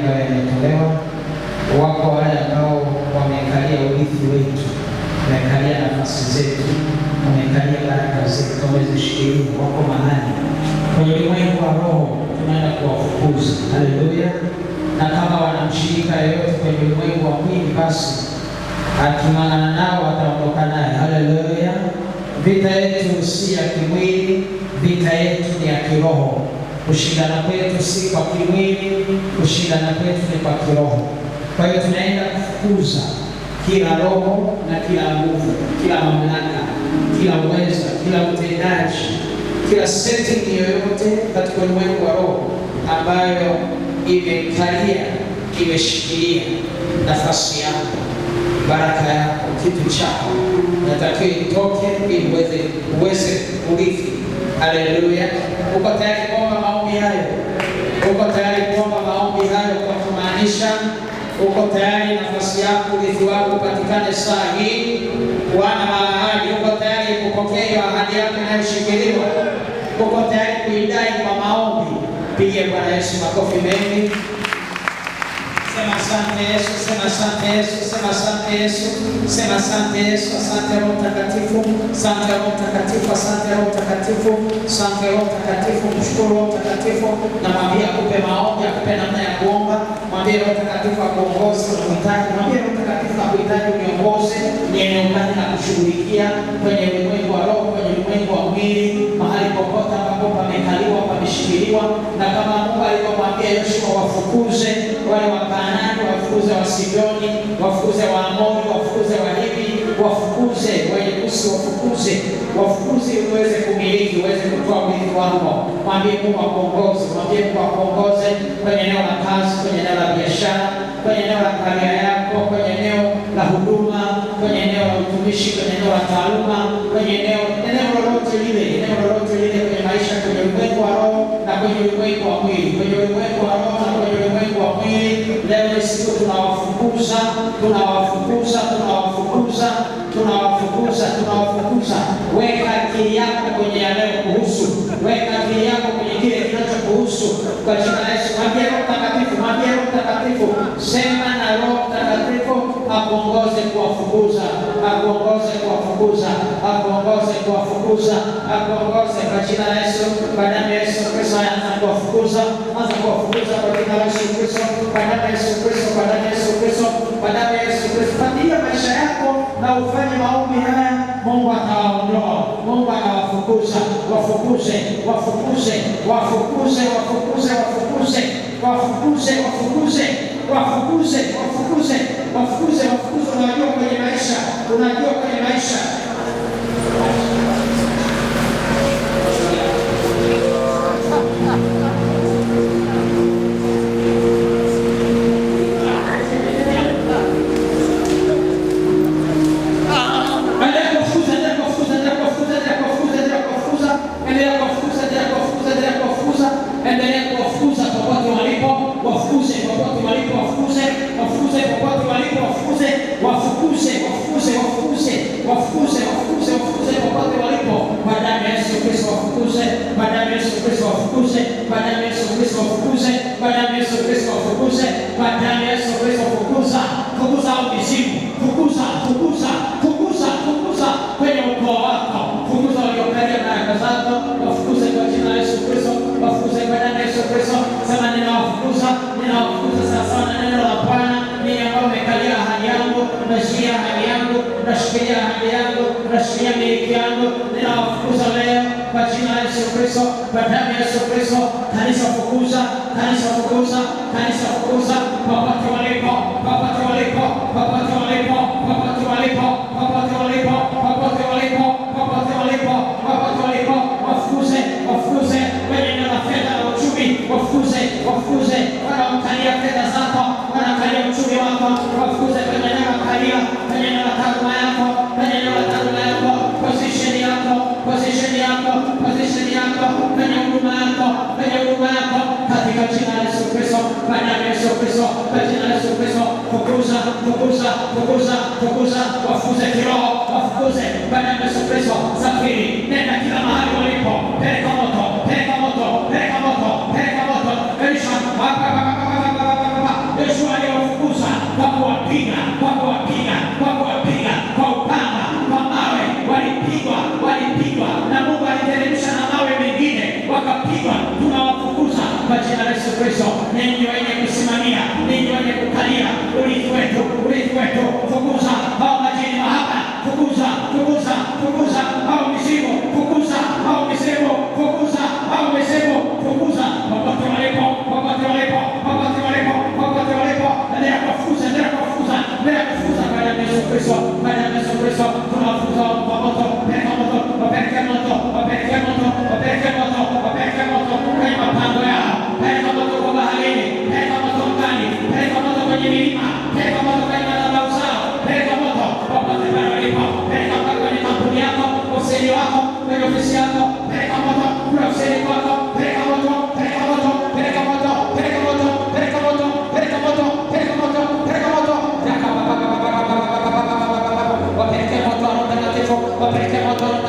ambayo yametolewa Wako wale ambao wamekalia urithi wetu, wamekalia nafasi zetu, wamekalia baraka zetu, wamezishikilia, wako mahali kwenye ulimwengu wa roho, tunaenda kuwafukuza. Haleluya! na kama wanamshirika yoyote kwenye ulimwengu wa mwili, basi akimangana nao ataondoka naye. Haleluya! vita yetu si ya kimwili, vita yetu ni ya kiroho. Kushindana kwetu si kwa kimwili, kushindana kwetu ni kwa kiroho. Kwa hiyo tunaenda kufukuza kila roho na kila nguvu, kila mamlaka, kila uweza, kila utendaji, kila setting yoyote katika ulimwengu wa roho ambayo imekalia, imeshikilia nafasi yako, baraka yako, kitu chako inatakiwa itoke ili uweze uweze kurithi. Haleluya! uko tayari kuomba maombi hayo? Uko tayari kuomba maombi hayo kwa kumaanisha uko tayari nafasi yako, urithi wako upatikane saa hii? wana wa ahadi, uko tayari kupokea hiyo ahadi yako inayoshikiliwa? Uko tayari kuidai kwa maombi? Piga Bwana Yesu makofi mengi. Asante Yesu, sema asante Yesu, sema asante Yesu, sema asante Yesu. Asante Roho Mtakatifu, asante Roho Mtakatifu, asante Roho Mtakatifu, asante Roho Mtakatifu. Mshukuru Roho Mtakatifu na mwambie akupe maombi, akupe namna ya kuomba. Mwambie Roho Mtakatifu akuongoze unahitaji, mwambie Roho Mtakatifu akuhitaji uniongoze, nieneukaji na kushughulikia kwenye ulimwengu wa roho, kwenye ulimwengu wa mwili, mahali popote ambapo pamekaliwa, pameshikiliwa, na kama Mungu alivyomwambia Yoshua wafukuze wale Wakanaani wafukuze wa Sidoni, wafukuze wa Amoni, wafukuze wa Hivi, wafukuze Wayebusi, wafukuze wafukuze, uweze kumiliki, uweze kutoa urithi wako. Mwambie Mungu akuongoze, mwambie Mungu akuongoze kwenye eneo la kazi, kwenye eneo la biashara, kwenye eneo la karia yako, kwenye eneo la huduma, kwenye eneo la utumishi, kwenye eneo la taaluma, kwenye eneo eneo lolote lile, eneo lolote lile kwenye maisha, kwenye ulimwengu wa roho na kwenye ulimwengu wa mwili, kwenye ulimwengu wa roho leo siku tunawafukuza, tunawafukuza, tunawafukuza, tunawafukuza, tunawafukuza. Weka akili yako kwenye yanayo kuhusu, weka akili yako kwenye kile kinachokuhusu kwa jina la Yesu. Mwambie Roho Mtakatifu, mwambie Roho Mtakatifu, sema na Roho Mtakatifu akuongoze kuwafukuza, akuongoze kuwafukuza, akuongoze kuwafukuza, akuongoze kwa jina la Yesu, kwa damu ya Yesu Kristo, anaanza kuwafukuza tunaanza kuwafukuza kwa jina la Yesu Kristo, kwa damu ya Yesu Kristo, kwa damu ya Yesu Kristo, kwa damu ya Yesu Kristo. Pandia maisha yako na ufanye maombi haya, Mungu atawaondoa, Mungu atawafukuza. Wafukuze, wafukuze, wafukuze, wafukuze, wafukuze, wafukuze, wafukuze, wafukuze, wafukuze, wafukuze, wafukuze. Unajua kwenye maisha, unajua kwenye maisha kwa damu ya Yesu uweze kukuza kukuza mizimu, kukuza kukuza kukuza kukuza kwenye ukoo wako, kukuza waliokalia baraka zako, wafukuze kwa jina la Yesu Kristo, wafukuze kwa damu ya Yesu Kristo. Sema ninawafukuza, ninawafukuza sawasawa na neno la Bwana. Mimi ambao umekalia ahadi yangu, unashikilia ahadi yangu, unashikilia ahadi yangu, unashikilia miliki yangu, ninawafukuza leo kwa jina la Yesu Kristo, kwa damu ya Yesu Kristo. Kanisa fukuza, kanisa fukuza, kanisa fukuza popote walipo, popote position yako, kwenye huduma yako, kwenye huduma yako, katika jina la Yesu Kristo, Bwana. Yesu Kristo, majina Yesu Kristo, fukuza, fukuza, fukuza, fukuza, wafukuze kiroho, wafukuze bwana Yesu Kristo. Safiri, nenda kila mahali walipo, peleka moto, peleka moto, peleka moto, peleka moto. Elisha, Yesu aliwafukuza kwa kuwapiga, kwa kuwapiga, kwa kuwapiga kwa upanga, kwa mawe, walipigwa, walipigwa na Mungu aliteremsha na mawe mengine wakapigwa. Tunawafukuza kwa jina la Yesu Kristo, ninyi wenye pessoal. অপেক্ষা মতন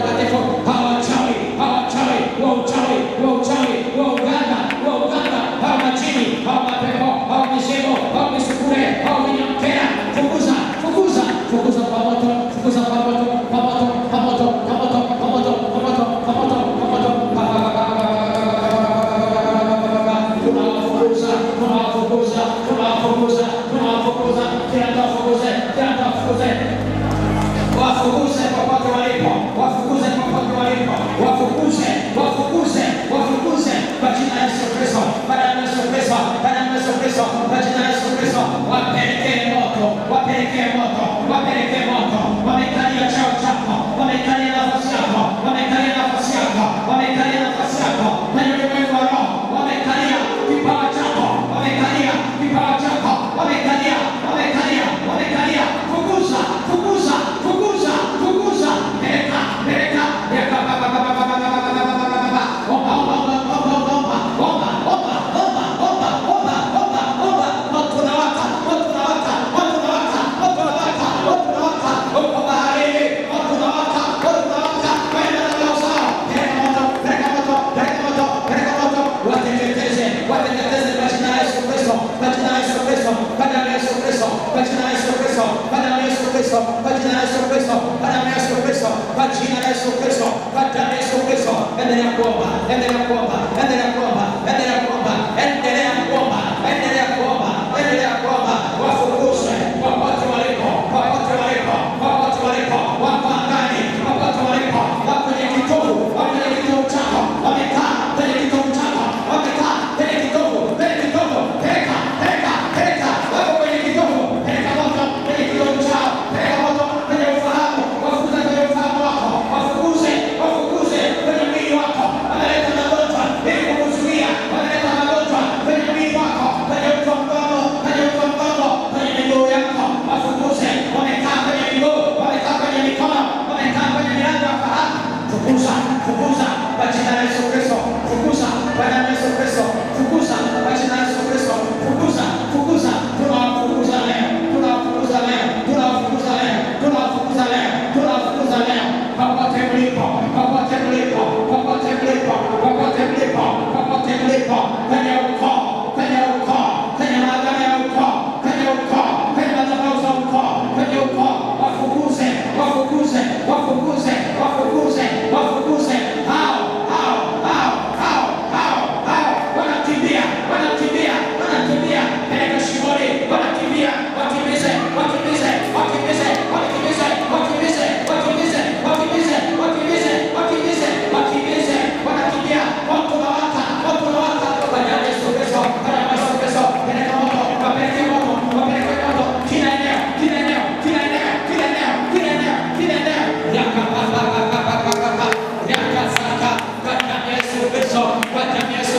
kwa jina la Yesu Kristo, kwa damu ya Yesu Kristo, kwa jina la Yesu Kristo, kwa damu ya Yesu Kristo, kwa jina la Yesu Kristo, kwa damu ya Yesu Kristo. Endelea kuomba, endelea Roberto Guadagnino.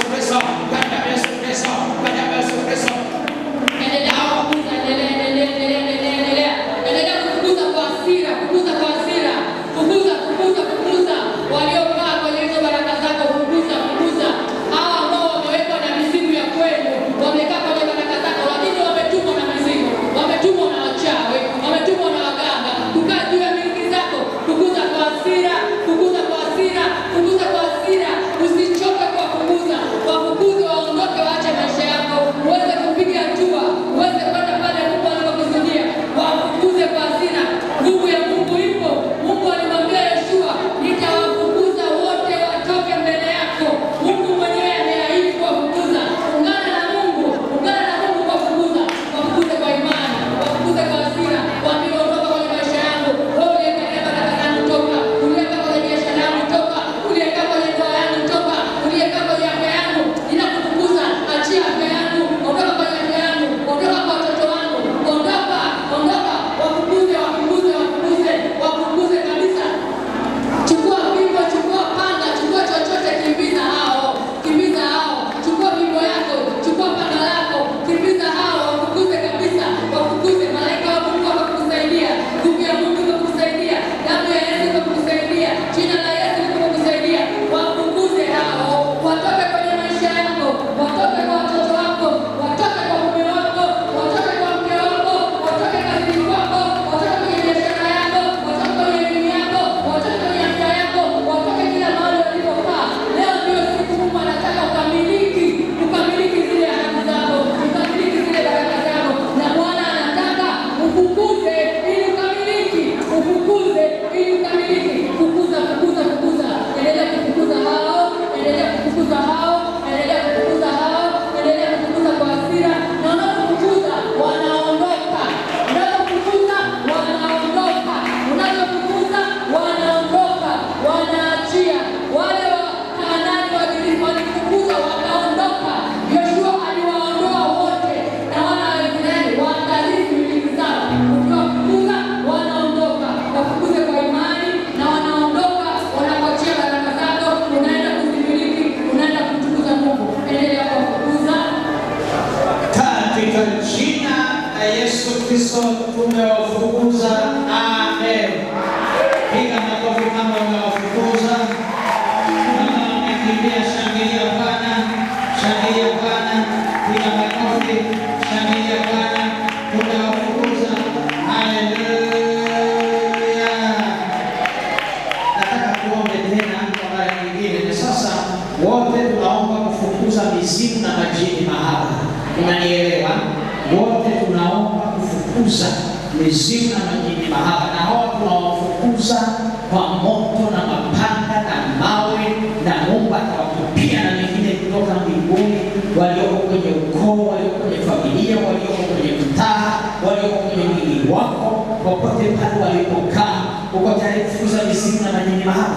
kwenye familia, walioko kwenye mtaa, walioko kwenye mwili wako, popote pale walipokaa, uko tayari kufukuza misimu na majini mahaba?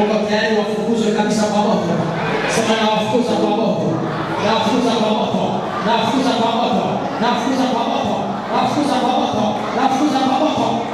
Uko tayari wafukuzwe kabisa kwa moto? Sema na wafukuza kwa moto, na wafukuza kwa moto, na wafukuza kwa moto, na wafukuza kwa moto, na wafukuza kwa moto, na wafukuza kwa moto.